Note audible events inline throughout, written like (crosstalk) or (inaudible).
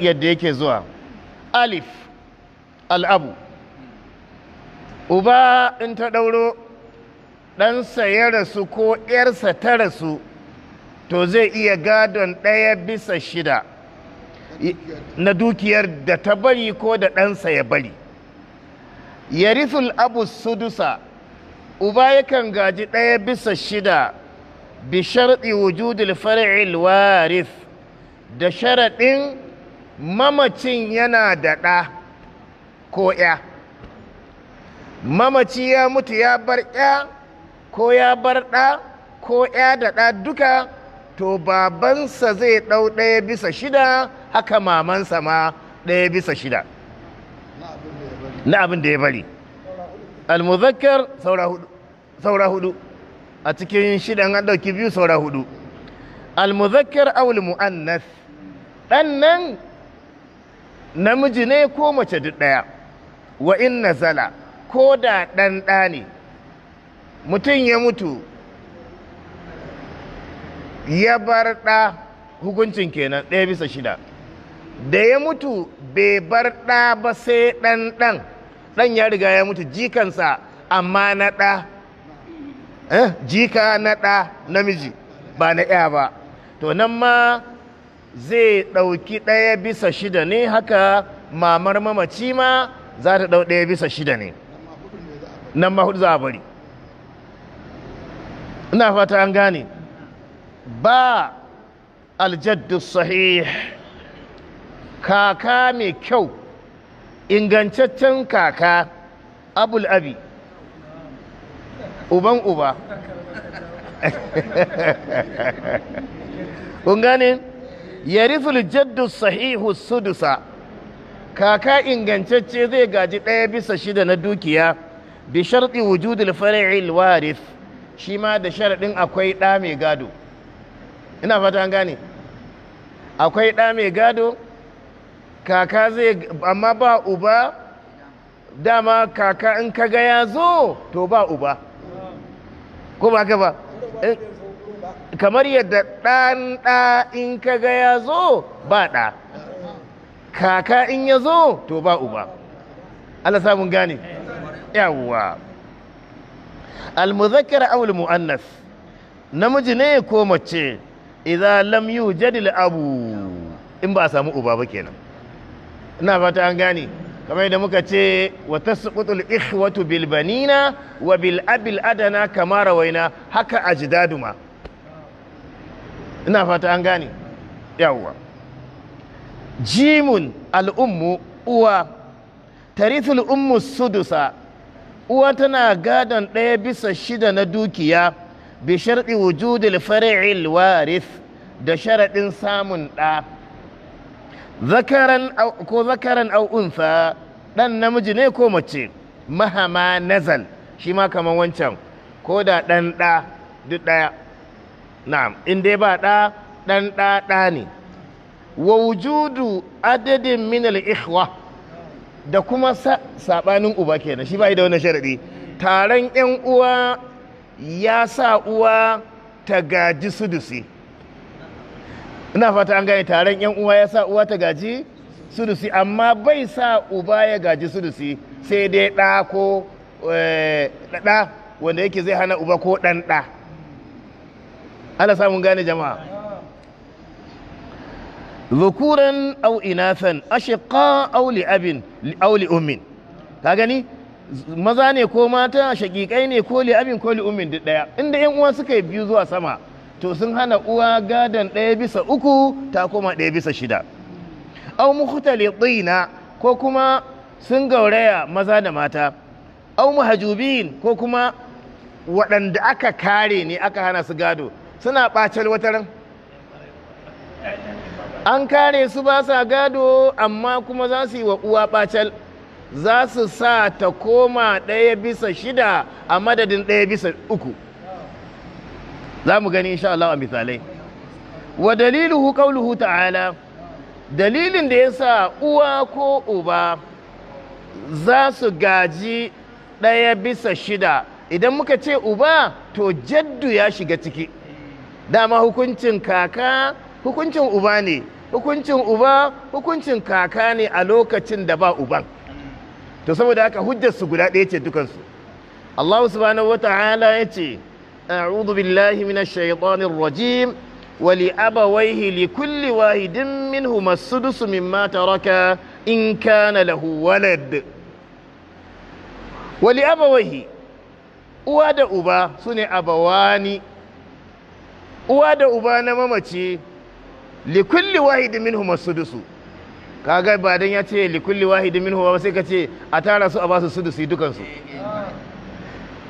yadda yake zuwa alif al'abu uba in ta ɗauro ɗansa ya rasu ko ‘yarsa ta rasu to zai iya gadon ɗaya bisa shida na dukiyar da ta bari ko da ɗansa ya bari yarithul abu sudusa uba yakan gaji ɗaya bisa shida bi sharɗi wujudul far'il warif da sharaɗin mamacin yana da ɗa ko ya mamaci ya mutu ya bar ya ko ya bar ɗa ko ya da ɗa duka to babansa zai ɗau ɗaya bisa shida haka mamansa ma ɗaya bisa shida na abin da ya bari almuzakkar saura hudu a cikin shidan an ɗauki biyu saura hudu almuzakkar awul mu'annas ɗan nan namiji ne ko mace duk ɗaya wa in nazala ko da ɗanɗa ne mutum ya mutu ya bar ɗa hukuncin kenan ɗaya bisa shida da ya mutu bai bar ɗa ba sai ɗanɗan ɗan ya riga ya mutu jikansa amma na ɗa eh, jika na ɗa namiji ba na ɗaya ba to nan ma zai ɗauki ɗaya bisa shida ne haka mamar mamaci ma za ta ɗau ɗaya bisa shida ne nan ma hudu za a bari ina fata an gane ba aljaddu sahih kaka mai kyau Ingancaccen kaka abul abi uban uba (laughs) kun gane ya rifil jaddu sahihu sudusa kaka ingantacce zai gaji ɗaya bisa shida na dukiya bi sharɗi wujudul fari'il warith shi ma da sharaɗin akwai ɗa mai gado ina fata an gane akwai ɗa mai gado kaka zai amma ba uba dama kaka in kaga ya zo to ba uba ko ba ka ba eh, kamar yadda ɗan ɗa in ka ya zo ba ɗa kaka in ya zo to ba uba Allah samun gane yawwa almuzakkar awul mu'annas namiji ne ko mace Iza lam yujadil abu in ba a samu uba ba kenan ina fata an gane kamar yadda muka ce su tasqutul ikhwatu bilbanina wa bil abil adana kamar waina haka ajidaduma ina fata an gane yawwa jimun al'ummu uwa tarithul ummu sudusa uwa tana gadon ɗaya bisa shida na dukiya bi sharɗi wujudil fari'il waris da sharaɗin samun ɗa ko zakaran au ɗan namiji ne ko mace mahama nazal shi ma kamar wancan ko da ɗan ɗa duk ɗaya na'am in dai ba ɗa ɗan ɗa ne wa wujudu adadin minal al-ikhwa da kuma sabanin uba kenan shi ba da wani sharadi taron yan uwa ya sa uwa ta gaji sudusi ina fata an gane taron yan uwa ya sa uwa ta gaji sudusi amma bai sa uba ya gaji sudusi sai dai ɗa ko eh, wanda yake zai hana uba ko ɗan ana samun gane jama'a zukuran au inathan ashiqa au li au li ka gani maza ne ko mata shakikai ne ko li abin ko li ummin duk daya inda yan uwa suka yi biyu zuwa sama to sun hana uwa gadan ɗaya bisa uku ta koma ɗaya bisa shida au mukhtalitina ko kuma sun gauraya maza da mata au muhajubin ko kuma waɗanda aka kare ne aka hana su gado suna ɓacal ran an kare su ba sa gado amma kuma za su yi wa uwa ɓacal za su sa ta koma ɗaya bisa shida a madadin ɗaya bisa uku za mu gani insha Allah a misalai wa daliluhu qawluhu ta'ala dalilin da ya sa uwa ko uba za su gaji ɗaya bisa shida idan muka ce uba to jaddu ya shiga ciki dama hukuncin kaka hukuncin uba ne hukuncin uba hukuncin kaka ne a lokacin da ba uban to saboda haka su guda ɗaya ce dukansu Allah subhanahu wa ta'ala ya ce a'udhu billahi minash shaitanir rajim wa li abawayhi li kulli wahidin minhum as-sudus mimma taraka in kana lahu walad wa li abawayhi uwa da uba sune abawani uwa da uba na mamaci likulli wahidi minhu masudusu kaga ba dan ya ce likulli wahidi minhu ba sai ka ce a tara su a basu sudusi dukansu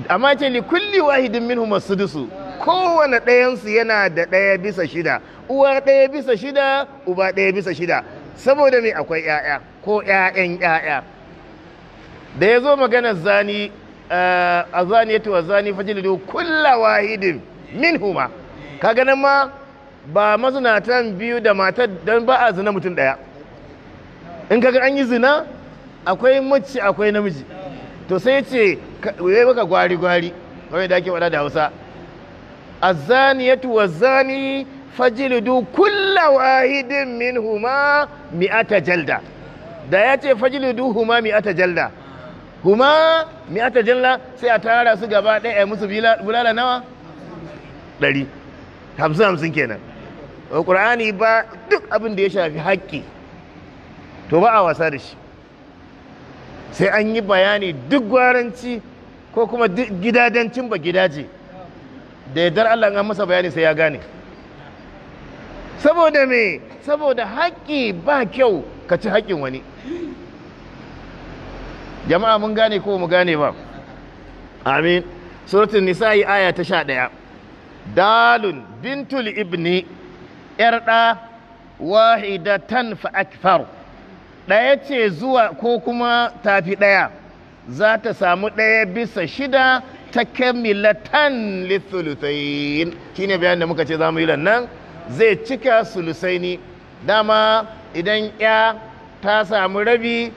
amma ce likulli wahidin minhu masudusu kowane ɗayansu yana da ɗaya bisa shida uwa ɗaya bisa shida uba ɗaya bisa shida saboda mai akwai 'ya'ya ko 'ya'yan 'ya'ya da ya zo maganar zani eh, a zani ya tuwa zani fajilu kulla wahidin min huma Ka nan ma ba mazinatan biyu da matar don ba a zina mutum ɗaya in kaga an yi zina akwai mace akwai namiji to sai ce ya maka gwari gwari kawai da ake da hausa zani wazani fajlidu kulla wahidin min, minhuma mi'ata jalda da ya ce fajlidu huma mi'ata jalda huma mi'ata jalda sai a tara su gaba ɗaya musu bulala nawa ɗari hamsin hamsin kenan ƙur'ani ba duk abin da ya shafi haƙƙi to ba a wasa da shi sai an yi bayani duk gwaranci ko kuma gidajen ba gidaje da yardar Allah an masa bayani sai ya gane saboda me saboda haƙƙi ba kyau ka ci haƙƙin wani jama'a mun gane ko mu gane ba amin suratul yi aya ta sha ɗaya dalun bintul ibni ‘yar wahidatan wahidatan akfar ɗaya ce zuwa ko kuma tafi ɗaya za ta samu ɗaya bisa shida ta kamilatan lithulusain shi ne bayan da muka ce za mu yi lannan zai cika sulusaini dama idan ya ta samu rabi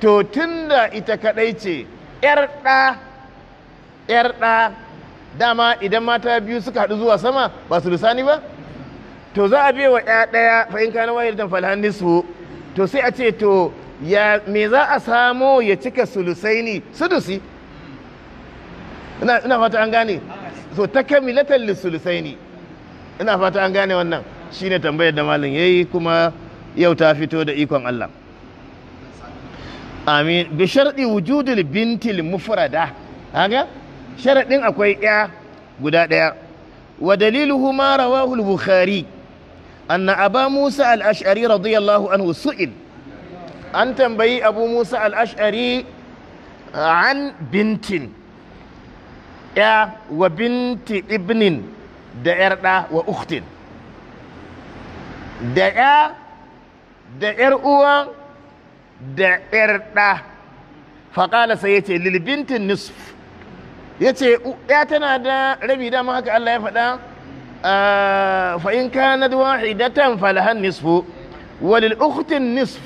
to tunda ita kadai ce ‘yar ɗa dama idan mata biyu suka haɗu zuwa sama ba su lisani ba to za a wa ɗaya ɗaya fa in kana falhani su, to sai a ce to ya me za a samo ya cika ne sudusi ina ina fata an gane so ta takamilatan ne ina fata an gane wannan shine tambayar da malam yi kuma yau ta fito da ikon Allah amin bi sharɗi wujudul bintil mufrada haga sharaɗin akwai ya guda ɗaya wa daliluhu ma rawahu al-bukhari anna aba musa al-ash'ari radiyallahu anhu su'il an tambayi abu musa al-ash'ari an bintin ya wa binti ibnin da yar ɗa wa uktin da ya da yar uwa da yar ɗa faƙala sai ya ce lilbintin ya ce ya tana da rabi dama haka Allah ya faɗa ah, fa'in kanad wahidatan falahan nisfu walil ukhtin nisf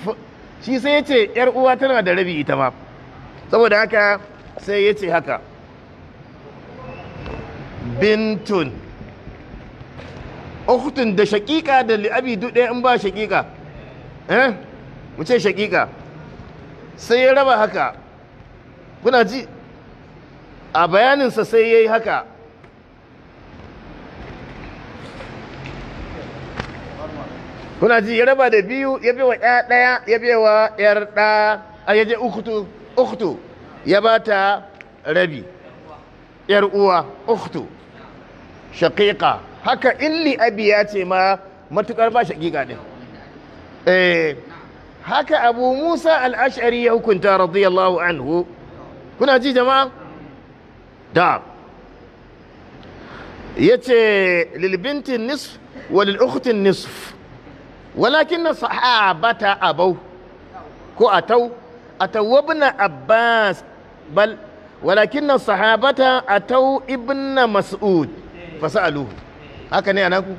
shi sai ya ce ‘yar uwa tana da rabi ita ma saboda haka sai ya ce haka bintun ukhtun da shakika da li'abi duɗe in ba shakika eh mu ce shakika sai ya raba haka kuna ji a bayaninsa sai ya yi haka kuna ji ya raba da biyu ya bi wa ɗaya ɗaya ya bi wa ɗayar ɗa a yaje uktu ya ba ta rabi ‘yar uwa uktu shaƙiƙa haka illi abi ya ce ma matuƙar ba shaƙiƙa ɗin eh, haka abu musa al'ashari ya hukunta radiyallahu anhu kuna ji jama'a da ya ce lilbintin nisf wa lil'ukhtin nisf walakin na sahabata abau ko atau atau ibn abbas bal walakin na sahabata atau ibn mas'ud fasaluhu haka ne anaku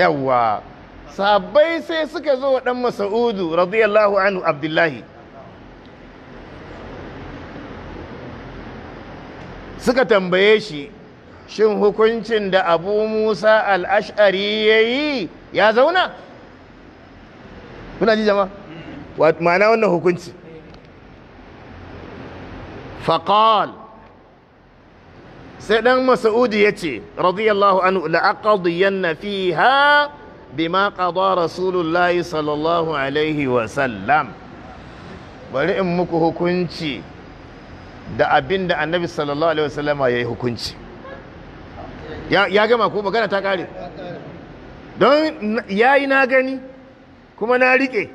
yawa sahabbai sai suka zo wa dan mas'udu radiyallahu anhu abdullahi suka tambaye shi shin hukuncin da abu musa al'ash'ari ya yi ya zauna kuna ji jama ma'ana wannan hukunci faƙal sai ɗan masa'udi ya ce radiyallahu anhu fi fiha bima qada rasulullahi sallallahu alaihi wasallam bari in muku hukunci da abin da annabi sallallahu alaihi wasallama ya yi hukunci ya gama ko magana ta kare don ya yi na gani kuma na riƙe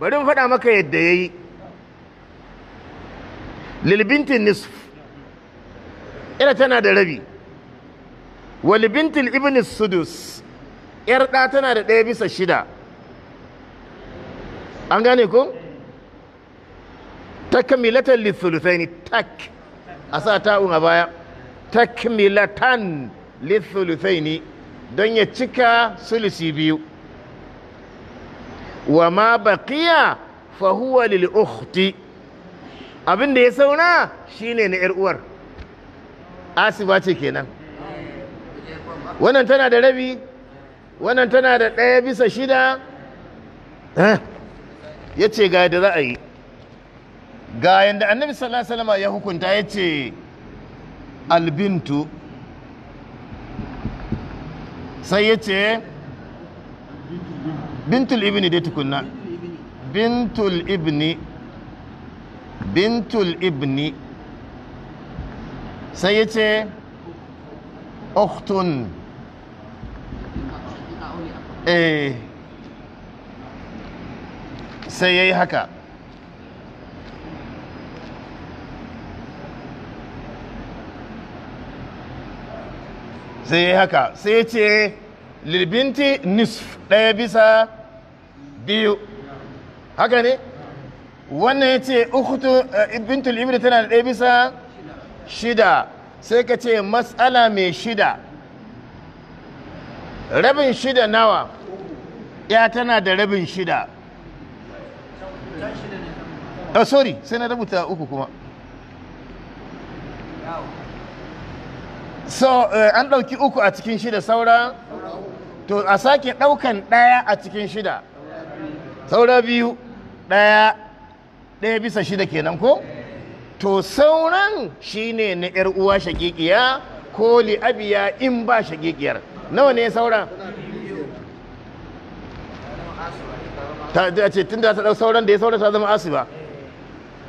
bari mu faɗa maka yadda ya yi lilbintin nisf ira tana da rabi walibintin ibn sudus yar ɗa tana da ɗaya bisa shida an gane ko? takmilatan lithuluthaini tak a sa ta'un a baya takmilatan lithuluthaini don ya cika sulusi biyu wa ma baqiya fa huwa lil ukhti abin da ya saura shine na yar uwar asiba ce kenan wannan tana da rabi wannan tana da ɗaya bisa shida eh, ya ce ga da za a yi ga yadda annabi sallallahu alaihi wasallam ya hukunta ya ce albintu sai ya ce bintul ibni dai tukunna bintul ibni bintul ibni sai ya ce uktun eh sai ya yi haka sai haka sai ce libinti nisf ɗaya bisa biyu haka ne wannan ya ce ukutu eh, bintul ibri tana da ɗaya bisa shida sai ka ce matsala mai shida rabin shida nawa ya tana da rabin shida oh sorry sai na rubuta uku kuma so eh, an ɗauki uku a cikin shida saura to a sake ɗaukan ɗaya a cikin shida saura biyu ɗaya ɗaya bisa shida kenan ko to sauran shine na ‘yar uwa shagigiya ko li'abiya in ba shagigiyar nawa ne saura ta ce tun da ta ɗau sauran da ya saura ta zama asiba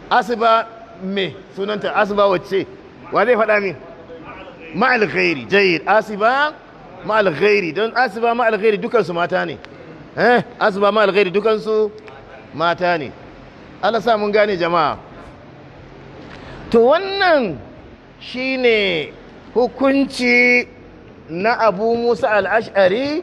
asiba me sunanta asiba wacce wa zai faɗa min ma'al ghairi jayyid asiba ma'al ghairi don asiba ma'al ghairi dukansu mata ne eh? asiba ma'al ghairi dukansu mata ne Allah sa mun gane jama'a to wannan shine hukunci na Abu Musa al-Ash'ari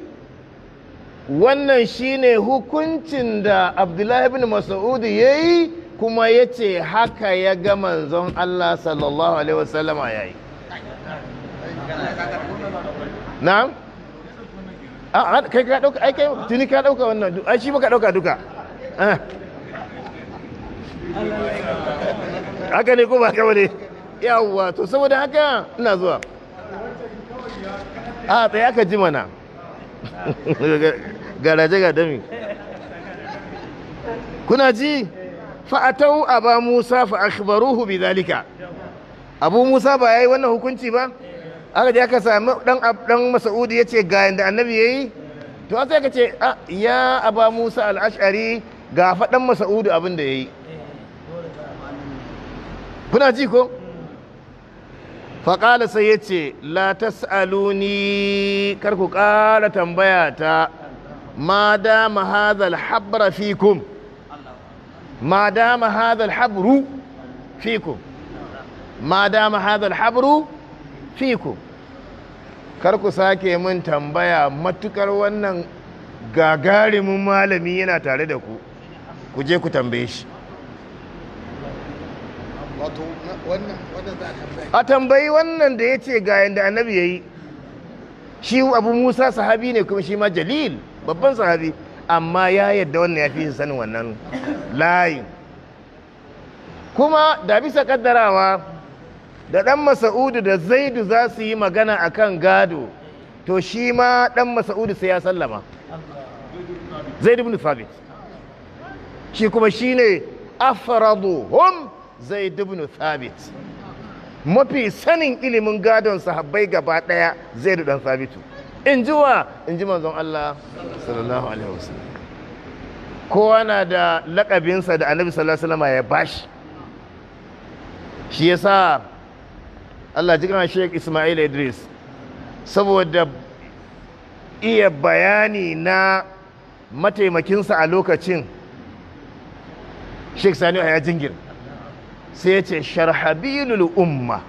wannan shine hukuncin da Abdullahi ibn Mas'ud yayi kuma yace haka ya ga manzon Allah sallallahu alaihi wasallama yayi na'am a ah, ah, kai ka dauka ai kai tuni ka dauka wannan ai shi baka dauka duka ah. haka ne ko ba ka bane yawwa to saboda haka ina zuwa a tsaye aka ji mana (laughs) garaje ga dami kuna ji fa'atau aba musa fa akhbaruhu bi zalika abu musa ba yayi wannan hukunci ba aka je aka sami dan dan Mas'udi yace ga yanda annabi yayi to sai ka ce ah, ya aba Musa al-Ash'ari ga fa dan Mas'udi abin da yayi kuna ji ko faƙala sai ya ce la tas'aluni kar ku ƙara tambaya ta ma dama hadhal habra fikum ma dama hadhal habru fikum ma dama hadhal habru fiku kar ku sake min tambaya matukar wannan gagarimin malami yana tare da ku ku je ku tambaye shi a tambayi wannan da ya ce ga yadda annabi ya yi shi abu musa sahabi ne kuma shi ma jalil babban sahabi amma ya yadda wannan ya fi sanin wannan layin kuma da bisa kaddarawa da ɗan masa'udu da zaidu za su yi magana a kan gado to shi ma ɗan masa'udu sai ya sallama zaidu bin thabit shi kuma shi ne afraduhum zaidu bin thabit mafi sanin ilimin gadon sahabbai gaba ɗaya zaidu ɗan sabitu in ji wa in ji manzon Allah sallallahu alaihi wasallam kowa na da lakabinsa da annabi sallallahu alaihi wasallam ya bashi shi yasa Allah ji kan Sheikh Ismail Idris saboda iya bayani na mataimakinsa a lokacin Sheikh Sani ya jingir sai ya ce sharhabilul umma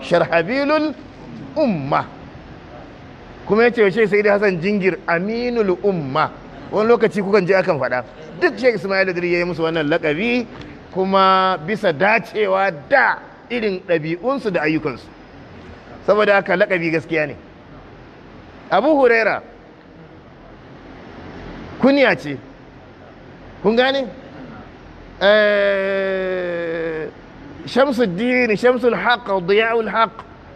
sharhabilul umma kuma ya ce Sheikh Sayyid Hassan jingir aminul umma wani lokaci kukan je akan faɗa duk Sheikh Ismail Idris ya yi musu wannan lakabi kuma bisa dacewa da irin ɗabi'unsu da ayyukansu saboda haka laƙabi gaskiya ne abu huraira kunya ce kun gane Dini, eh, Shamsu alhaq diya'ul haq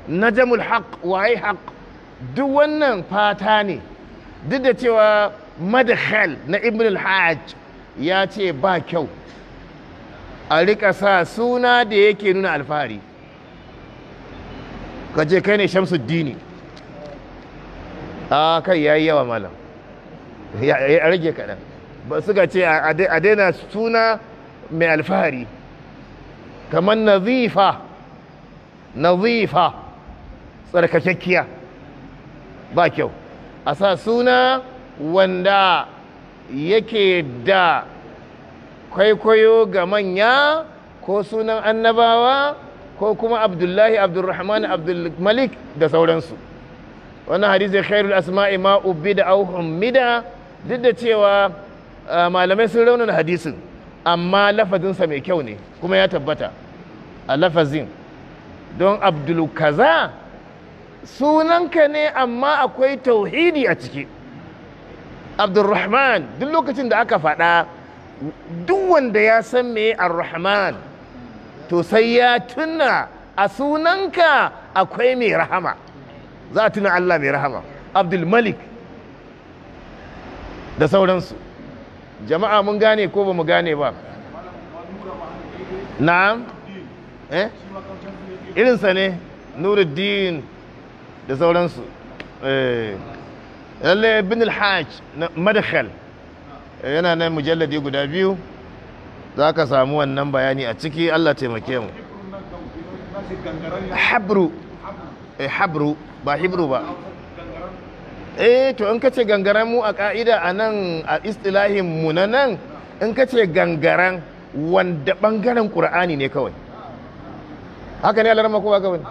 Najam haq waye haq duk wannan fata ne duk da cewa madhal na ibn alhaj ya ce ba kyau a rika sa suna da yake nuna alfahari ka je kai ne shamsuddini a ah, kai ya yi yawa malam ya rage kaɗan ba su ga ce a daina suna mai alfahari kamar nazifa nazifa tsarkakekkiya ba kyau a sa suna wanda yake da kwaikwayo ga manya ko sunan annabawa ko kuma abdullahi abdulrahman abdulmalik da sauransu wannan hadisi khairul asma'i ma da auhun mida. duk da cewa malamai sun raunin hadisin amma lafazinsa mai kyau ne kuma ya tabbata a lafazin don abdul kaza sunanka ne amma akwai tauhidi a ciki abdulrahman duk lokacin da aka faɗa duk wanda ya san me ar-rahman to sai ya tuna a sunanka akwai mai rahama za a tuna Allah mai rahama abdul malik da sauransu jama'a mun gane ko ba mu gane ba na'am eh irinsa ne nuruddin da sauransu eh lalle ibn al-hajj madakhal yana nan mujalladi guda biyu za ka samu wannan bayani a ciki allah taimake mu habru eh, habru ba hibru ba eh to in ka ce gangaren mu a ka'ida a nan a istilahin mu na nan in ka ce gangaren wanda bangaren ƙur'ani ne kawai haka ne alarma ko haka bane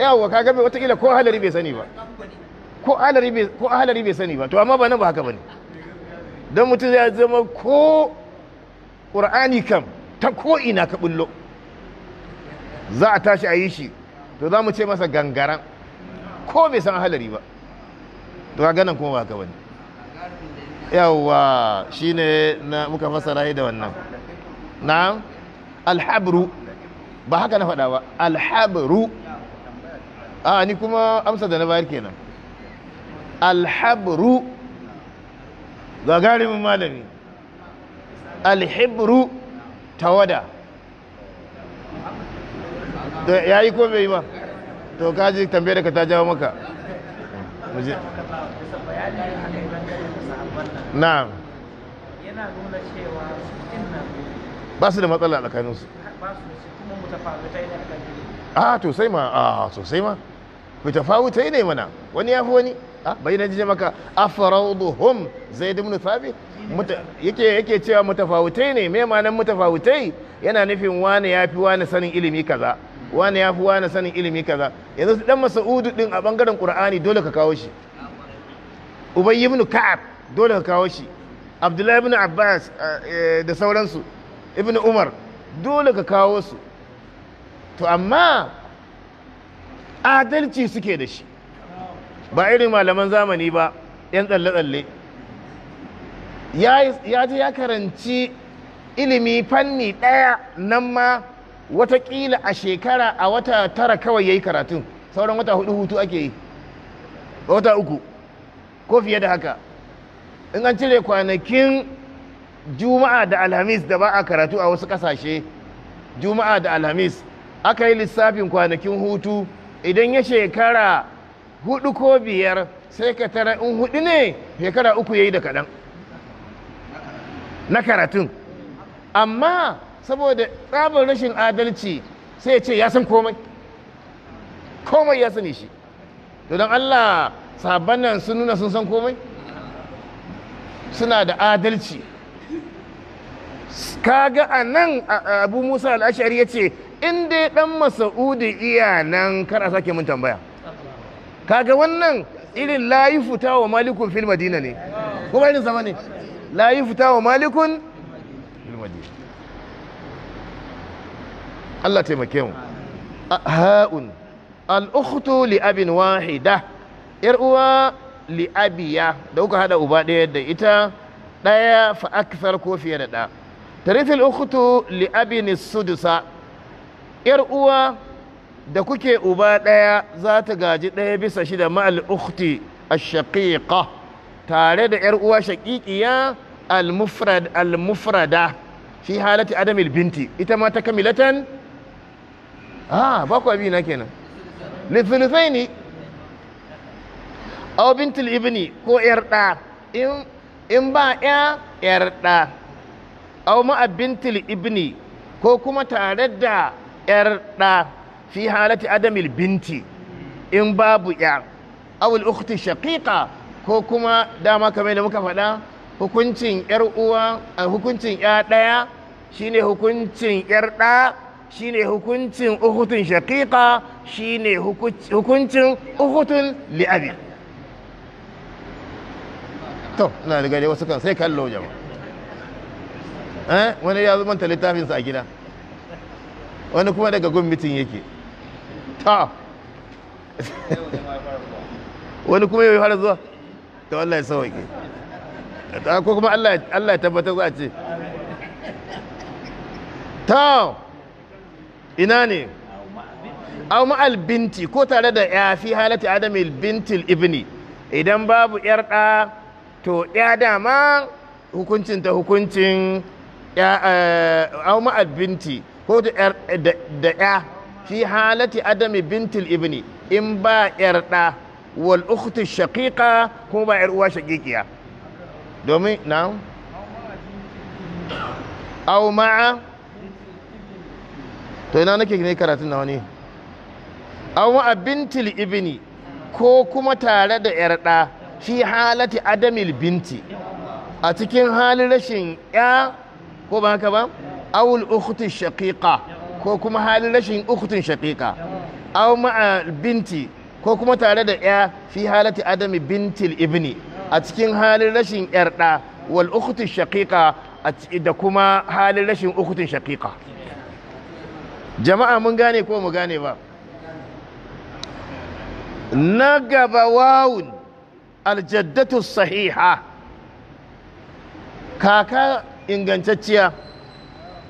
yawa ka gabe watakila ko halari bai sani ba ko halari bai sani ba to amma ba nan ba haka bane don mutum ya zama ko ƙur'ani kam ta ko'ina ka bullo za a tashi a yi shi to za mu ce masa gangaran ko bai san halari ba to ganin kuma ba ka wani. yawwa ne na muka fasara da wannan na alhabru ba haka na faɗa ba alhabru a ni kuma amsa da na bayar kenan alhabru gagarumin malami alhibru tawada ya yi ko bai yi ba to kaji tambayar da ta jawo maka na yana nuna cewa ba su da matsala a tsakaninsu a ah, to sai ma a ah, sosai ma fitafawutai ne mana wani ya fi wani bai na maka maka afrauduhum zaid ibn thabit yake yake cewa mutafawutai ne me ma'anar mutafawutai yana nufin wani yafi wani sanin ilimi kaza wani yafi wani sanin ilimi kaza yanzu dan mas'udu din a bangaren qur'ani dole ka kawo shi ubay ibn ka'ab dole ka kawo shi abdullahi ibn abbas e, da sauransu ibn umar dole ka kawo su to amma adalci suke da shi ba irin malaman zamani ba 'yan tsalle-tsalle ya ji ya karanci ilimi fanni ɗaya nan ma watakila a shekara a wata tara kawai ya yi karatun sauran wata hudu hutu ake yi wata uku ko fiye da haka in an cire kwanakin juma'a da alhamis da ba a karatu a wasu kasashe juma'a da alhamis aka yi lissafin kwanakin hutu idan ya shekara hudu ko biyar sai ka tara in hudu ne shekara uku ya yi da kaɗan na karatun amma saboda tsabar rashin adalci sai ce ya san komai komai ya sani shi to don allah sabon nan sun nuna sun san komai suna da adalci kaga a nan abu musa al'ashari ya ce inda ya dan masa'udi iya nan kar a sake mun tambaya kaga wannan irin layi fita wa malikun fil madina ne kuma irin sama ne layi fita wa malikun fil madina Allah taimake mu ha'un al'ukhtu li abin wahida yar uwa li abiya da kuka hada uba ɗaya da ita ɗaya fa aksar ko fiye da ɗa tarifin ukhtu li abin sudusa yar uwa da kuke uba ɗaya za ta gaji ɗaya bisa shida ma'al ukhti ash tare da yar uwa shaqiqiya al-mufrad al-mufrada fi halati adamil binti ita ma ta kamilatan ah ba ku na kenan lithulthaini aw bintul ibni ko yar ɗa in in ba ya yar ɗa aw ma'a bintul ibni ko kuma tare da yar ɗa fi halatti adamil binti in babu ya awul ukhti shaqiqa ko kuma dama kamar da muka faɗa hukuncin yar uwa a hukuncin ya ɗaya shine hukuncin yar ɗa shine hukuncin uhutun shaqiqa shine hukuncin li abi to na riga dai wasu kan sai kallo jama'a eh wani ya zo manta littafinsa a gida wani kuma daga gun mitin yake ta wani kuma yau har zuwa ta Allah ya sauke ko kuma Allah ya tabbatar za a ce ta ina ne au ma'al binti ko tare da ya fi halatti adamil bintil ibni idan babu yar da to ya dama hukuncin ta hukuncin eh, au ma'al binti ko da ya fi halati adami bintil ibni in ba yar da wal ukhti shaqiqa ko ba yar uwa shaqiqiya domin na aw ma'a to ina nake ne karatun na wani aw ma'a bintil ibni ko kuma tare da yar da fi halati adamil binti a cikin halin rashin ya ko ba haka ba awul ukhti shaqiqa ko kuma halin rashin ukutun shakika aw ma'a binti ko kuma tare da ya fi halati adami bintil ibni a cikin halin rashin yarda da wal ukhtu da kuma halin rashin ukutun shakika. jama'a mun gane ko mu gane ba na gaba wawun aljaddatu sahiha kaka ingantacciya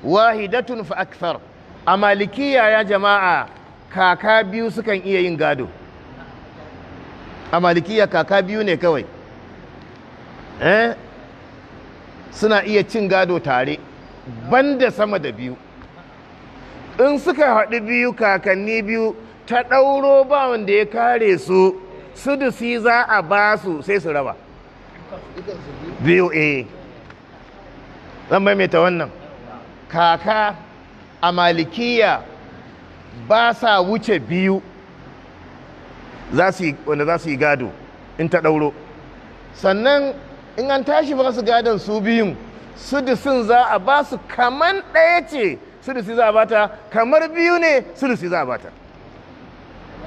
wahidatun fa akthar a malikiya ya jama'a kaka biyu sukan iya yin gado a malikiya kaka biyu ne kawai eh suna iya cin gado tare banda sama da biyu in suka haɗu biyu kakanni biyu ta ɗauro ba wanda ya kare su su sudusi za a ba su sai su raba biyu eh zan maimaita wannan kaka a malikiya ba sa wuce biyu wanda za su yi gado in ta ɗauro sannan in an tashi ba su gadon su biyun su sun za a ba su kaman ɗaya ce su sudusi za a bata kamar biyu ne su sudusi za a bata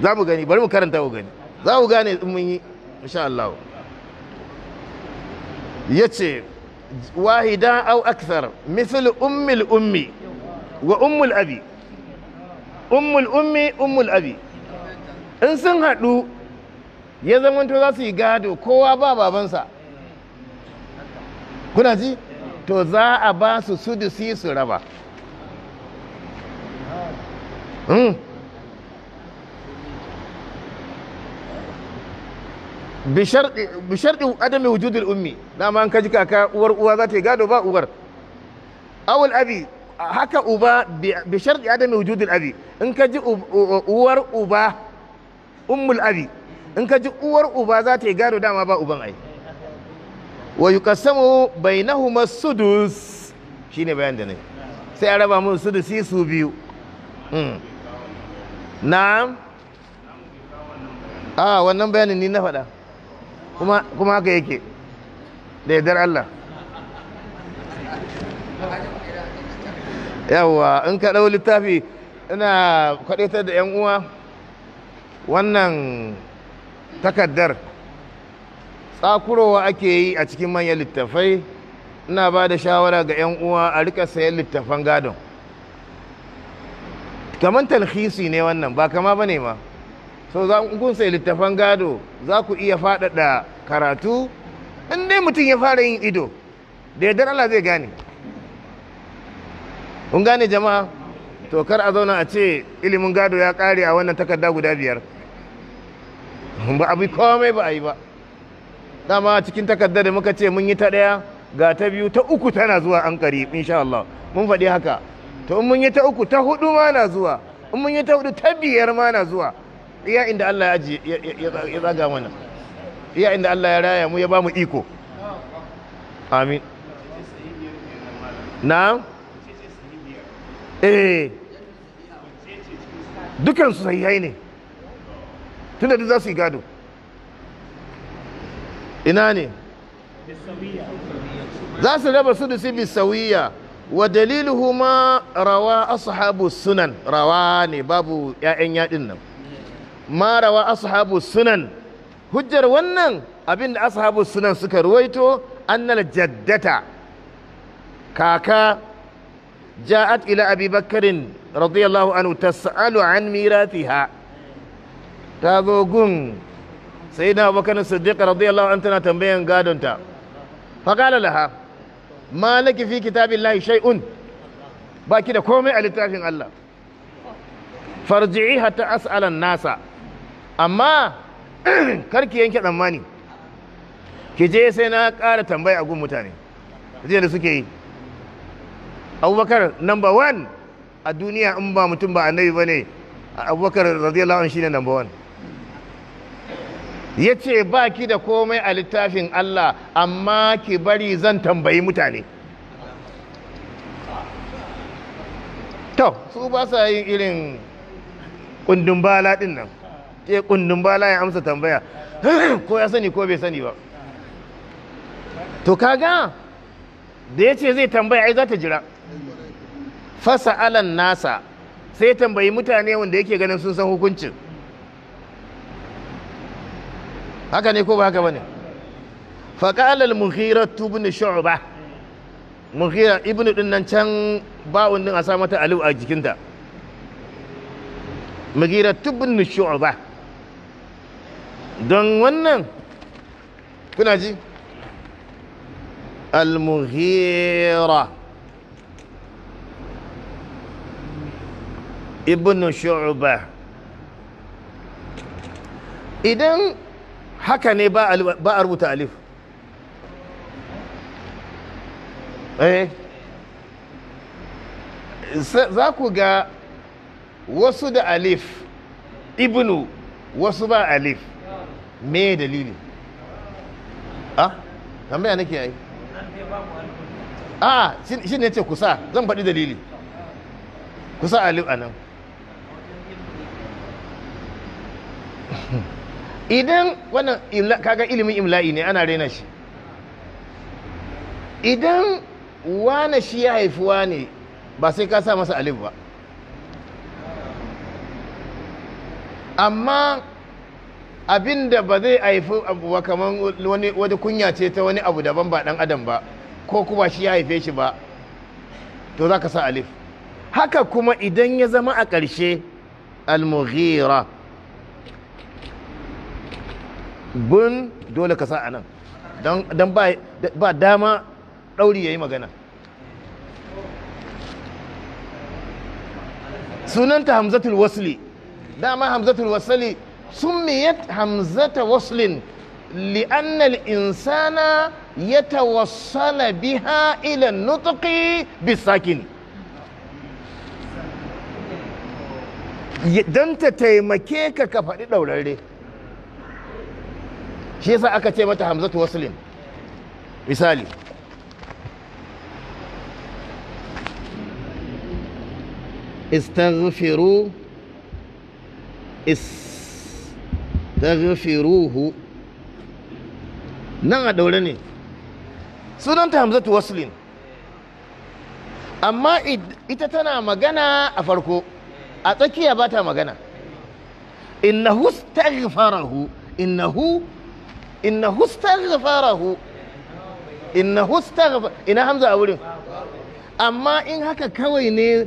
za mu gani bari mu karanta mu gani za mu gane in mun yi insha Allah ya ce wahida au aksar misal ummi ummi wa ummul abi ummul ummi ummul abi in sun haɗu ya zamanto za su yi gado kowa ba babansa kuna ji to za a ba su sudusi su raba hmm. bisharɗin adamin wujudul ummi dama an kaji kaka uwar uwa za ta yi gado ba uwar awul abi haka uba bi sharti adam al abi in ka ji uwar uba ummul abi in ka ji uwar uba za ta yi gado dama ba uban ai wa yuqassamu bainahuma sudus shine bayan da ne sai an raba mun sudusi su biyu hmm. na'am a wannan bayanin ni na faɗa kuma haka yake da yardar Allah yawa in ka ɗau littafi ina kwaɗaitar da 'yan uwa wannan takardar tsakurowa ake yi a cikin manyan littafai ina ba da shawara ga 'yan uwa a rika sayan littafan gadon kamar talhisi ne wannan ba kama ba ne ma so za kun sai littafan gado za ku iya faɗaɗa karatu in dai mutum ya fara yin ido da yardar Allah zai gane kun gane jama'a to kar a zauna a ce ilimin gado ya kare a wannan takarda guda biyar ba abu komai ba a yi ba dama cikin takarda da muka ce mun yi ta ɗaya ga ta biyu ta uku tana zuwa an kari insha Allah mun faɗi haka to in mun yi ta uku ta hudu ma na zuwa in mun yi ta hudu ta biyar ma na zuwa iya inda Allah ya ya zaga mana iya inda Allah ya raya mu ya ba mu iko amin na'am eh dukansu sahihai ne tunda duk za su yi gado ina ne za su raba su da su bisawiya wa dalilu ma rawa ashabu sunan rawa ne babu 'ya'yan yadin nan ma rawa ashabu sunan hujjar wannan abin da ashabu sunan suka ruwaito annal jaddata kaka ja'at ila abi bakarin radiyallahu anhu tas'alu an mirathiha ta zo gun sai na bakar siddiq radiyallahu anhu tana tambayan gadonta faƙala laha ma laki fi kitabillahi shay'un baki da komai a littafin Allah farji'i ta as'alan nasa amma karki yanke tsammani ki je sai na ƙara tambaya a gun mutane jiya da suke yi abubakar number one a duniya in ba mutum ba annabi ba ne abubakar radiyallahu anhu shine number one ya ce ba da komai a littafin Allah amma ki bari zan tambayi mutane to su ba sa yin irin kundin bala din nan ke kundin bala ya amsa tambaya (clears throat) ko ya sani ko bai sani ba to kaga da ya ce zai tambaya ai za ta jira fasa alan nasa sai tambayi mutane wanda yake ganin sun san hukuncin haka ne ko ba haka bane faƙalar muhira tubin shu'ba muhira Ibn din nan can bawun din a sa mata aliyu a jikinta muhira tubin shu'ba don wannan kuna ji al Muhira. ibn shu'ba idan haka ne ba a rubuta alif eh za ku ga wasu da alif ibnu wasu ba alif me dalili ah tambaya nake yi a ah, shi ne ce kusa zan faɗi dalili kusa alif anan idan wannan kaga ilimin imla'i ne ana raina shi idan wane shi ya haifi wane ba sai ka sa masa alif ba amma abinda ba zai haifi abu ba kamar wani kunya ce ta wani abu daban ba dan adam ba ko kuma shi ya haife shi ba to za ka sa alif haka kuma idan ya zama a ƙarshe al bun dole ka sa a nan don ba dama ɗauri ya yi magana sunanta hamzatul wasli dama hamzatul wasli summiyat hamzata waslin insana ya يتوصل biha-ilan nutuki بالساكن don ta taimake ka ka faɗi ɗaurarre shi yasa aka ce mata hamzatu waslin misali استغفروا استغفروه nan a daure ne sunan sunanta hamzatu waslin amma ita tana magana a farko a tsakiya ba ta magana innahu staghfarahu innahu inna hustaghfarahu inna hustaghfar ina hamza a wurin amma in haka kawai ne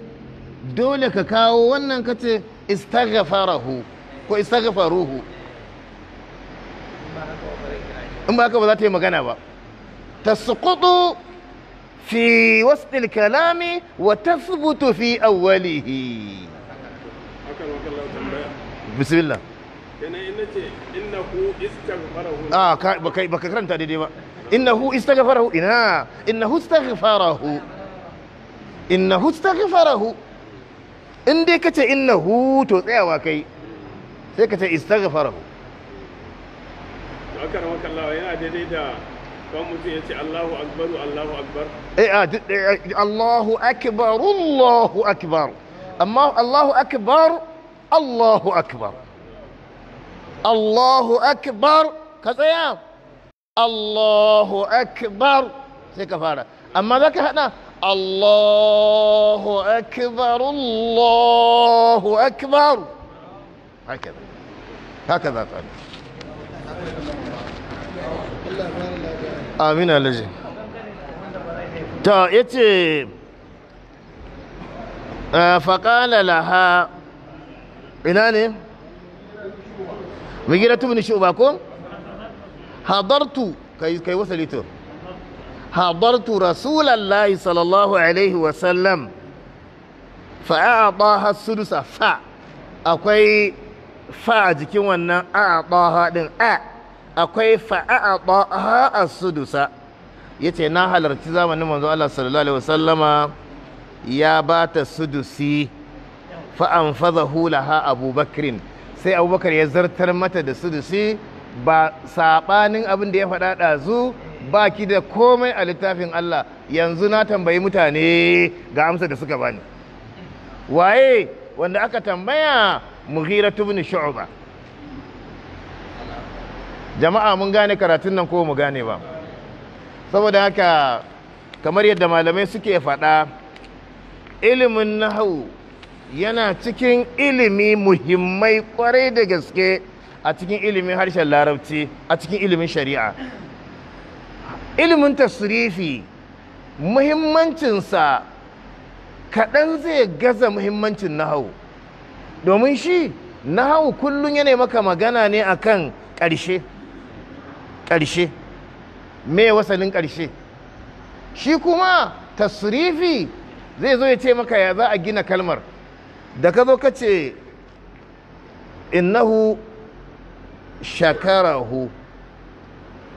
dole ka kawo wannan ka ce istaghfarahu ko istaghfaruhu in ba haka ba za ta yi magana ba tasqutu fi wasdil wa fi kenan in nace innahu istaghfarahu ah baka karanta daidai ba innahu istaghfarahu ina innahu istaghfarahu innahu istaghfarahu in dai kace innahu to tsayawa kai sai kace istaghfarahu akara makallawa yana daidai da kan mutum ya ce Allahu akbaru Allahu akbar eh, ah, eh, eh Allahu akbar Allahu akbar amma Allahu akbar Allahu akbar Allahu akbar ka tsaya Allahu akbar sai ka fara amma za ka haɗa Allahu akbar Allahu akbar haka haka za ta amina laji ta yace faƙala laha ina ne mugira tubin shuba ko hadartu kai kai wasali to hadartu rasulullahi sallallahu alaihi wa sallam fa a'taha sudusa fa akwai fa a jikin wannan a'taha din a akwai fa a'taha as-sudusa yace na halarci zamanin manzo Allah sallallahu alaihi wa sallama ya bata sudusi fa anfadhahu laha abubakrin sai abubakar ya zartar mata da su da su ba saɓanin abin da ya faɗa ɗazu ba ki da komai a littafin Allah yanzu na tambayi mutane ga amsa da suka bani waye wanda aka tambaya mu hira tubin shu'uba jama'a mun gane karatun nan ko mu gane ba saboda haka kamar yadda malamai suke faɗa ilimin nahawu yana cikin ilimi muhimmai kwarai da gaske a cikin ilimin harshen larabci a cikin ilimin shari'a ilimin tasirifi muhimmancinsa kaɗan zai gaza muhimmancin nahau domin shi nahau kullum yana maka magana ne akan ƙarshe ƙarshe me wasanin ƙarshe shi kuma tasirifi zai zo ya ce maka ya za a gina kalmar da ka zo ka ce innahu shakarahu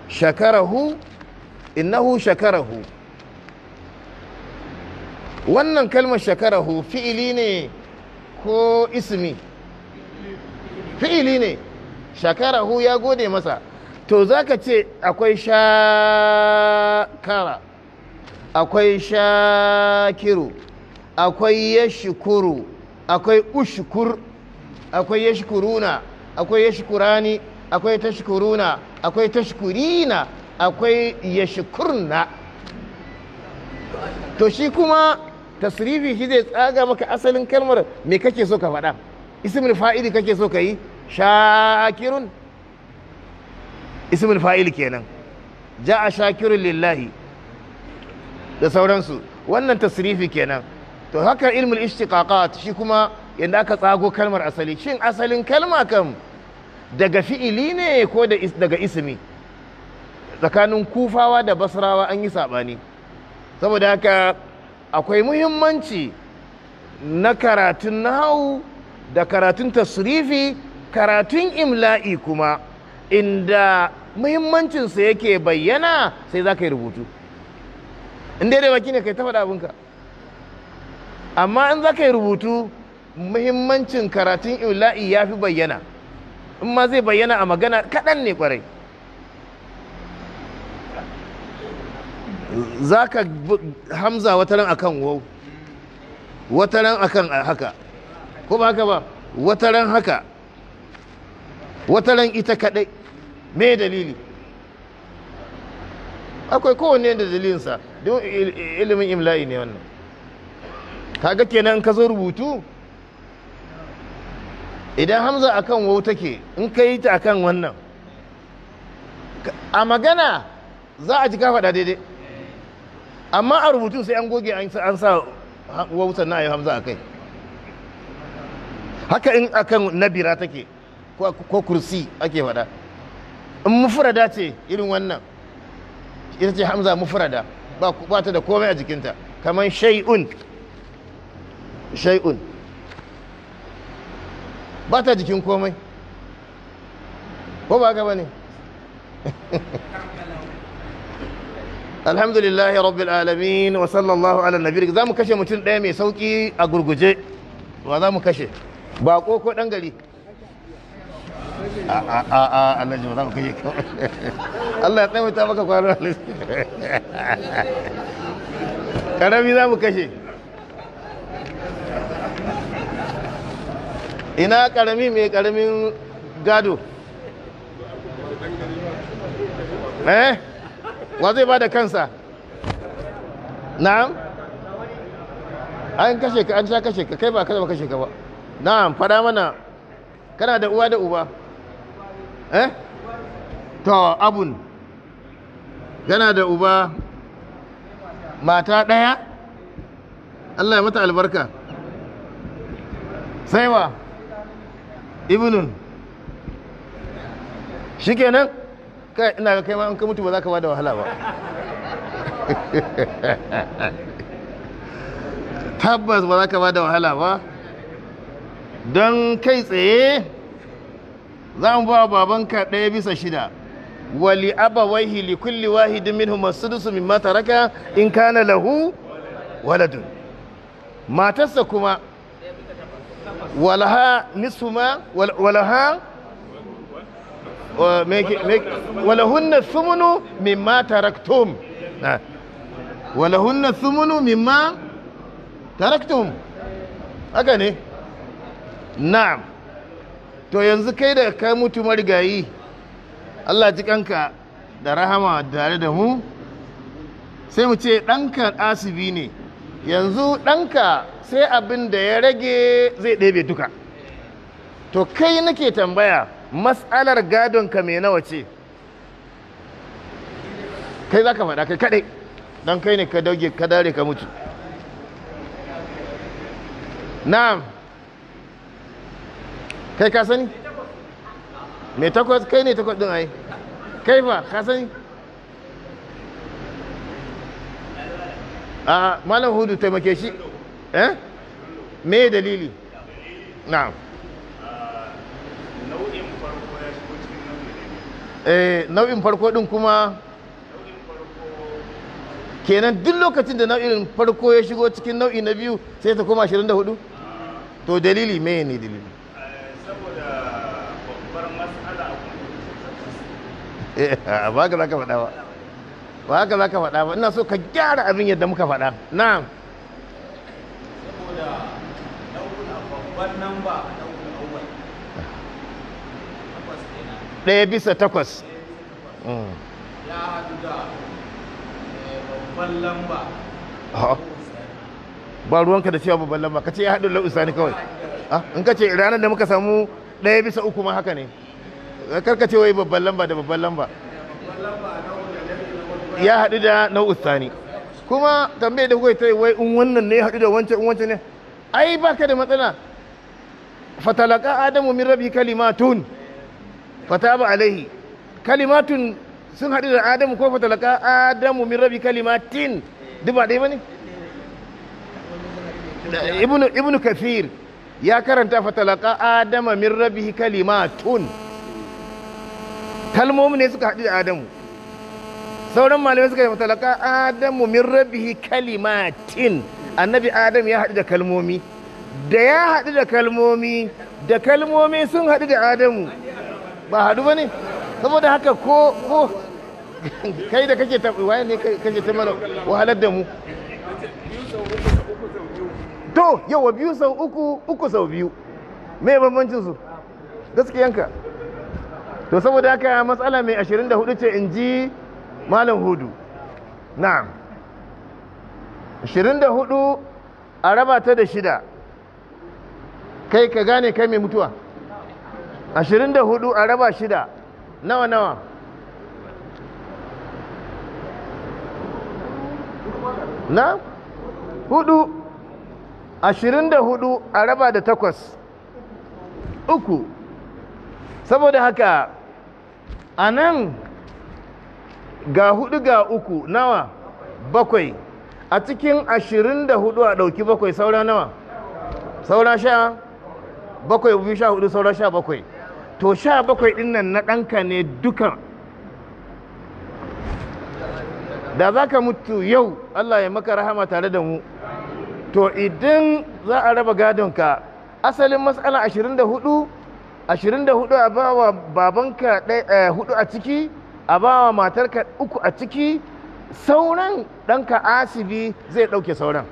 shakarahu innahu shakarahu wannan kalmar shakarahu fi'ili ne ko ismi fi'ili ne shakarahu ya gode masa to za ka ce akwai shakara akwai shakiru akwai shukuru. akwai ushkur akwai yashkuruna akwai yashkurani akwai tashkuruna akwai tashkurina akwai yashkurna to shi kuma tasrifi shi zai tsaga maka asalin kalmar me kake so ka faɗa ismin fa'ili kake so ka yi shakirun ismin fa'il kenan ja'a shakirun lillahi da sauransu wannan tasrifi kenan to haka ilmul istiqaqat shi kuma yanda aka tsago kalmar asali shin asalin kalma kam daga fi'ili ne ko daga ismi tsakanin kufawa da basrawa an yi saɓani saboda haka akwai muhimmanci na karatun nahawu da karatun tasrifi karatun imla'i kuma inda muhimmancinsa yake bayyana sai za ka yi rubutu in dai baki ne kai ta faɗa abinka amma in za ka yi rubutu muhimmancin karatun ila'i ya fi bayyana in ma zai bayyana a magana kaɗan ne ƙwarai za ka hamza wataran akan wau wataran akan haka ko ba haka ba wataran haka wataran ita kaɗai me dalili akwai kowane da dalilinsa don ilimin imla'i ne wannan kaga kenan ka zo rubutu idan hamza akan wau take in ka yi ta akan wannan a magana za a ji ka faɗa daidai amma a rubutu sai an goge an sa wau sannan a yi hamza akai haka in akan nabira take ko kursi ake faɗa in mufurada ce irin wannan ita ce hamza mufurada ba ta da komai a jikinta kamar shay'un shay'un ba ta jikin komai ko ba gaba ne (laughs) alhamdulillahi rabbil alamin wa sallallahu ala nabi za mu kashe mutum ɗaya mai sauƙi a gurguje wa za mu kashe ba ko ko ɗan gari a alhaji ba za mu kashe (laughs) Allah ya tsaye maka kwanar karami (laughs) za mu kashe ina karami mai karamin gado eh wa zai ba da kansa na'am an kashe ka an sha kashe ka kai ba ka zama kashe ka ba na'am fada mana kana da uwa da uba eh to abun kana da uba mata ɗaya Allah ya mata albarka sai wa ibnun shikenan kai ina ga kai ma mutu ba za ka ba da wahala ba (laughs) tabbas ba za ka ba da wahala ba don kai tsaye za mu ba babanka ɗaya bisa shida wali abawaihi li kulli wahidin minhum masudusu min mataraka in kana lahu waladun matarsa kuma walaha nisfu ma walaha walahunna thumunu mimma taraktum walahunna thumunu mimma taraktum haka ne na'am to yanzu kai da ka mutu marigayi Allah ji kanka da rahama tare da mu sai mu ce ɗanka asibi ne yanzu ɗanka sai abin da ya rage zai ɗebe duka to kai nake tambaya matsalar gadonka mai nawa ce kai za ka faɗa kai kaɗai don kai ne ka dauge ka dare ka mutu na'am kai ka sani mai takwas kai ne takwas ɗin ai kai fa ka sani a malam hudu taimake shi eh me dalili na nau'in farko ya shigo cikin nau'i eh nau'in farko din kuma kenan duk lokacin da nau'in farko ya shigo cikin nau'i na biyu sai ta koma 24 to dalili me ne dalili eh, saboda babbar mas'ala a eh, (laughs) ba ka za ka faɗa ba ba ka za ka faɗa ba ina so ka gyara abin yadda muka faɗa na'am babban ɗaya bisa takwas mm. ya haɗu da eh, babban lamba ba ruwanka da cewa babban lamba ka ce ya haɗu da usani kawai ah, in ka ce ranar da muka samu ɗaya bisa uku ma haka ne eh, karka ce wai babban lamba da babban lamba ya haɗu da nau'ustani kuma tambayar da kuka yi wai in wannan ne haɗu da wancan in wancan ne ai ba ka da matsala fatalaka adamu min rabi kalimatun fataba alaihi kalimatun sun haɗu da adamu ko fatalaka adamu min rabi kalimatin duk ba ɗaya bane ibnu ibnu ya karanta fatalaka adama min rabi kalimatun kalmomi ne suka haɗu da adamu sauran malamai suka yi talaka adamu min rabihi kalimatin annabi adam ya haɗu da kalmomi da ya haɗu da kalmomi da kalmomi sun haɗu da adamu ba haɗu ba ne saboda haka ko ko (laughs) kai da kake taɓa waye ne kake ta mana wahalar da mu to wa biyu sau uku uku sau biyu me bambancin su gaskiyanka to saboda haka matsala mai 24 ce in ji malam hudu na'am 24 a raba ta da shida kai ka gane kai mai mutuwa 24 a raba shida nawa nawa na hudu 24 a raba da takwas uku saboda haka a nan ga hudu ga uku nawa bakwai a cikin ashirin da hudu a ɗauki bakwai saura nawa saura sha bakwai bufi sha hudu saura sha bakwai to sha bakwai ɗin nan na ɗanka ne duka da za ka mutu yau Allah ya maka rahama tare da mu to idan za a raba gadonka asalin matsala ashirin ashirin da da hudu a bawa babanka eh, hudu a ciki a ba wa matarka uku a ciki sauran ɗanka asibi zai ɗauke sauran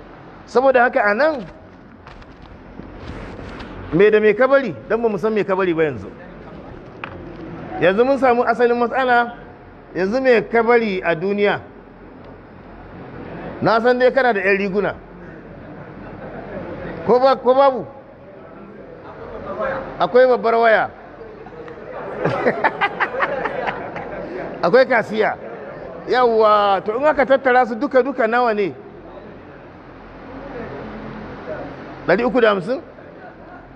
saboda haka a nan mai da mai kabari don ba mu san mai kabari ba yanzu yanzu mun samu asalin matsala yanzu mai kabari a duniya na san dai kana da 'yan riguna ko babu akwai babbar waya (laughs) akwai kasiya yawwa to in aka tattara su duka duka nawa ne 350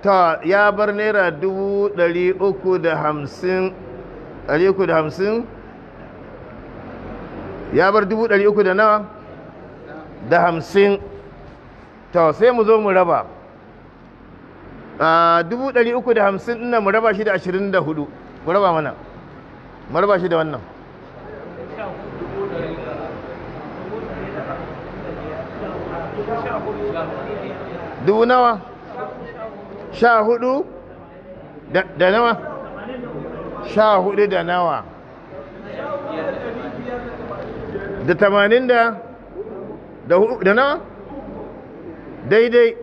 ta ya bar naira 350 ya bar 300 da nawa da hamsin ta sai mu zo mu raba a 350 ina mu raba shi da 24 mu raba mana mu raba shi da wannan dubu nawa sha hudu da nawa sha hudu da nawa da tamanin da da nawa daidai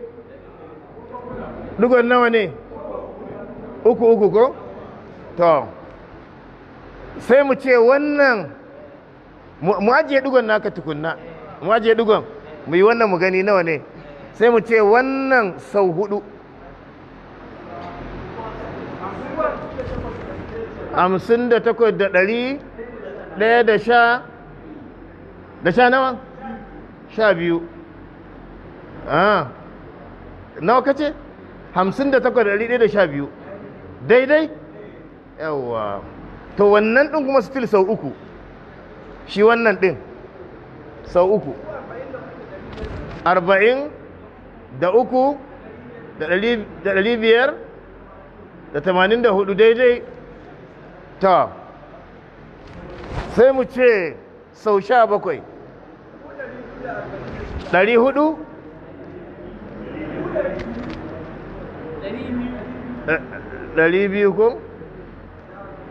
dugon nawa ne uku uku ko to sai mu ce wannan mu ajiye dugon naka tukunna mu ajiye dugon mu yi wannan mu gani nawa ne sai mu ce wannan sau hudu hamsin da takwas da ɗari ɗaya da sha da sha nawa sha biyu nawa ka ce hamsin da takwas da ɗari ɗaya da sha biyu daidai yawa to wannan ɗin kuma still sau uku shi wannan ɗin sau uku arba'in da uku da ɗari biyar da tamanin da hudu daidai ta sai mu ce sau sha bakwai ɗari hudu ɗari biyu ko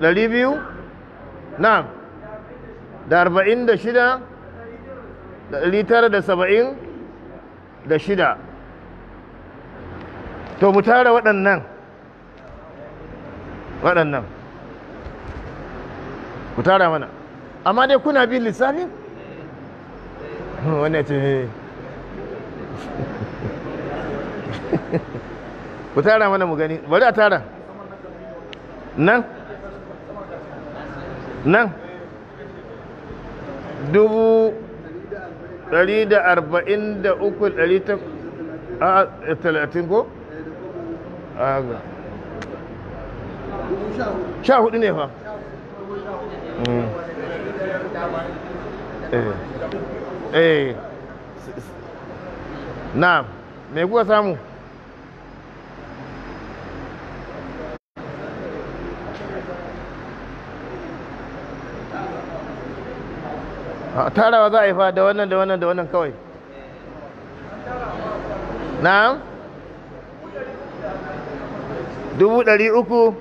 ɗari biyu na da arba'in da shida da ɗari tara da saba'in da shida to mu tara waɗannan waɗannan ku tara mana amma dai kuna bin lissafin wane ce eh. (laughs) ku tara mana mu gani bari a tara nan nan dubu ɗari da arba'in da uku ɗari ta talatin ko? sha hudu ne fa mm. eh, eh. na me kuka samu? a tarawa za a yi fa wannan da wannan da wannan kawai na dubu ɗari uku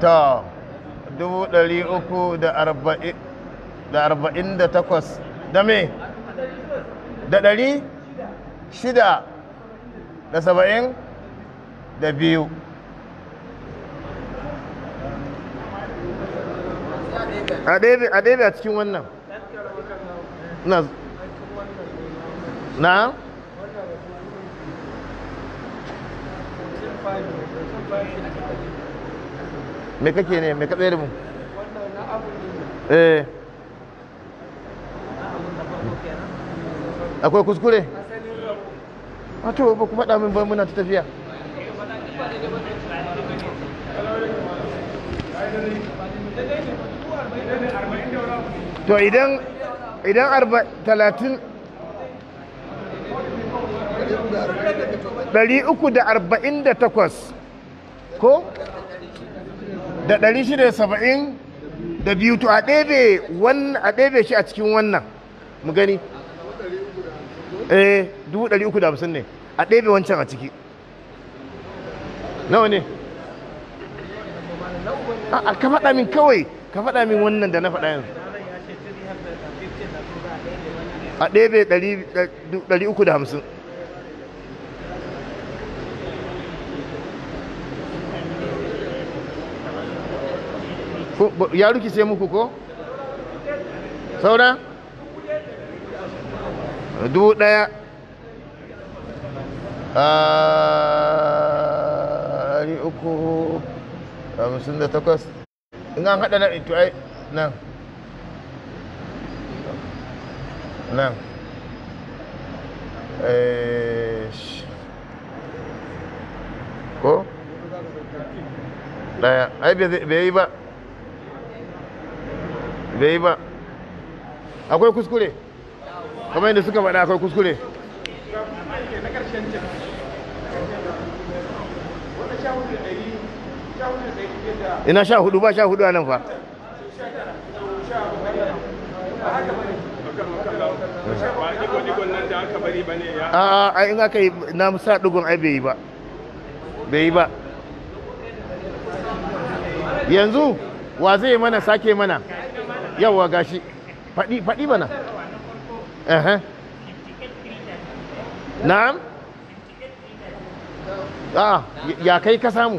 ta dubu ɗari uku da arba'in da takwas da me da ɗari shida da saba'in da biyu a ɗebe a ɗebe cikin wannan na na me kake ne me ka tsaye da mu eh akwai kuskure a to ba ku faɗa min ba muna ta tafiya to idan idan talatin ɗari uku da arba'in da takwas ko da ɗari shida da saba'in da biyu to a ɗebe shi a cikin wannan mu gani eh dubu ɗari uku da hamsin ne a ɗebe wancan a ciki nawa ne a ka faɗa min kawai ka faɗa min wannan da na faɗa yanzu a ɗebe 350 ya rikice muku ko? saura? dubu ɗaya a uku hamsin da takwas in an haɗa nan ito ai nan nan eh, ko ɗaya ai bai yi ba bai yi ba akwai kuskure kamar yadda suka faɗa akwai kuskure na ƙarshen ina sha hudu ba sha hudu a nan fa a in aka yi na sa dugun ai bai yi ba bai yi ba yanzu wa zai mana sake mana wa gashi faɗi faɗi mana na'am ah, ya kai ka samu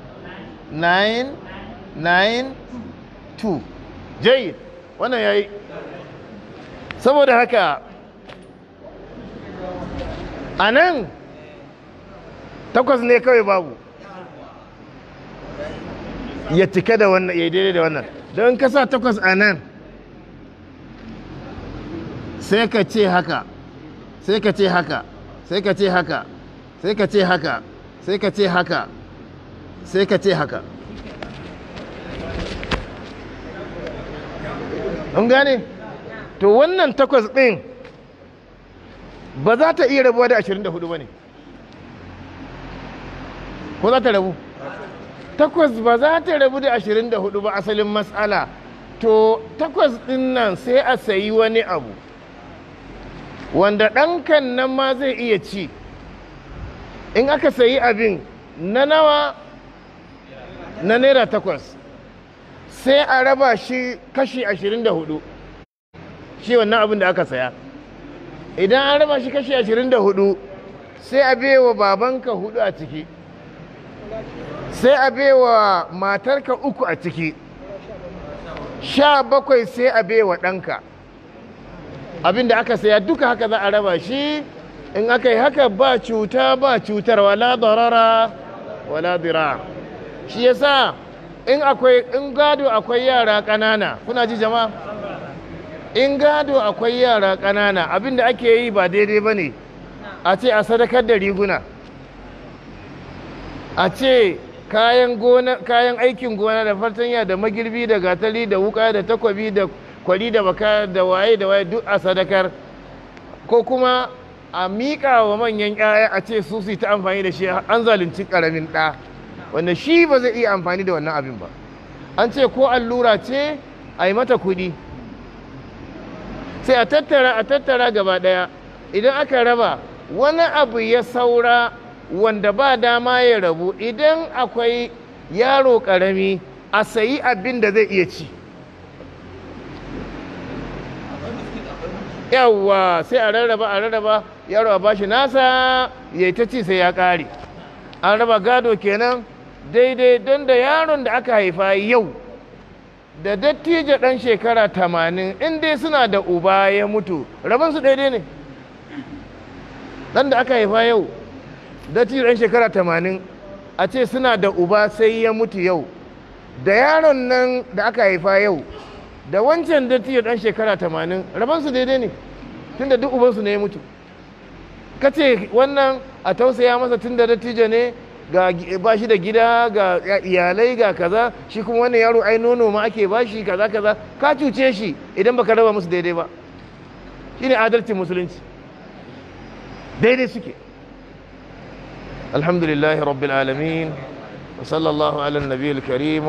nine nine wannan ya yi saboda haka a nan takwas ne kawai babu ya cika da wannan ya daidai da wannan don ka sa takwas a nan sai ka ce haka sai ka ce haka sai ka ce haka sai ka ce haka sai ka ce haka sai ka ce haka an gane to wannan takwas ɗin ba za ta iya rabuwa da 24 ba ne ko za ta rabu takwas ba za ta rabu da 24 ba asalin matsala to takwas ɗin nan sai a sayi wani abu wanda ɗankan nan ma zai iya ci in aka sayi abin na nawa na naira takwas sai a raba shi kashi ashirin da hudu shi wannan abin da aka saya idan an raba shi kashi ashirin da hudu sai a wa babanka hudu a ciki sai a baiwa matarka uku a ciki sha bakwai sai a wa ɗanka abin da aka saya duka haka za a raba shi in aka yi haka ba cuta ba cutar la darara wala dira shi yasa in akwai in gado akwai yara ƙanana kuna ji jama'a in gado akwai yara kanana abin da ake yi ba daidai ba ne a ce a sadakar da riguna a ce kayan aikin gona da fartanya da magirbi da gatari da wuka da takwabi da kwari da baka da waye da waye duk a sadakar ko kuma a miƙa wa manyan 'ya'ya a ce su su ta amfani da shi an zalunci ƙaramin ɗa wanda shi ba zai iya amfani da wannan abin ba an ce ko allura ce a yi mata kuɗi sai a tattara a tattara gaba ɗaya idan aka raba wani abu ya saura wanda ba dama ya rabu idan akwai yaro ƙarami a sayi abin da zai iya ci yawwa sai a rarraba a rarraba yaro a bashi nasa ya ta ci sai ya ƙare an raba gado kenan daidai don da yaron da aka haifa yau da dattijo ɗan shekara tamanin in dai suna da uba ya mutu rabinsu daidai ne ɗan da aka haifa yau dattijo ɗan shekara tamanin a ce suna da uba sai ya mutu yau da yaron nan da aka haifa yau da wancan dattijo ɗan shekara tamanin rabinsu daidai ne tun da duk ubansu ne ya mutu ka ce wannan a tausaya masa tun da dattijo ne ga bashi da gida ga iyalai ga kaza shi kuma wannan yaro ai nono ma ake bashi shi kaza kaza ka cuce shi idan baka raba musu daidai ba shine adalcin musulunci daidai suke alhamdulillahi rabbil alamin wa sallallahu ala nabiyil karim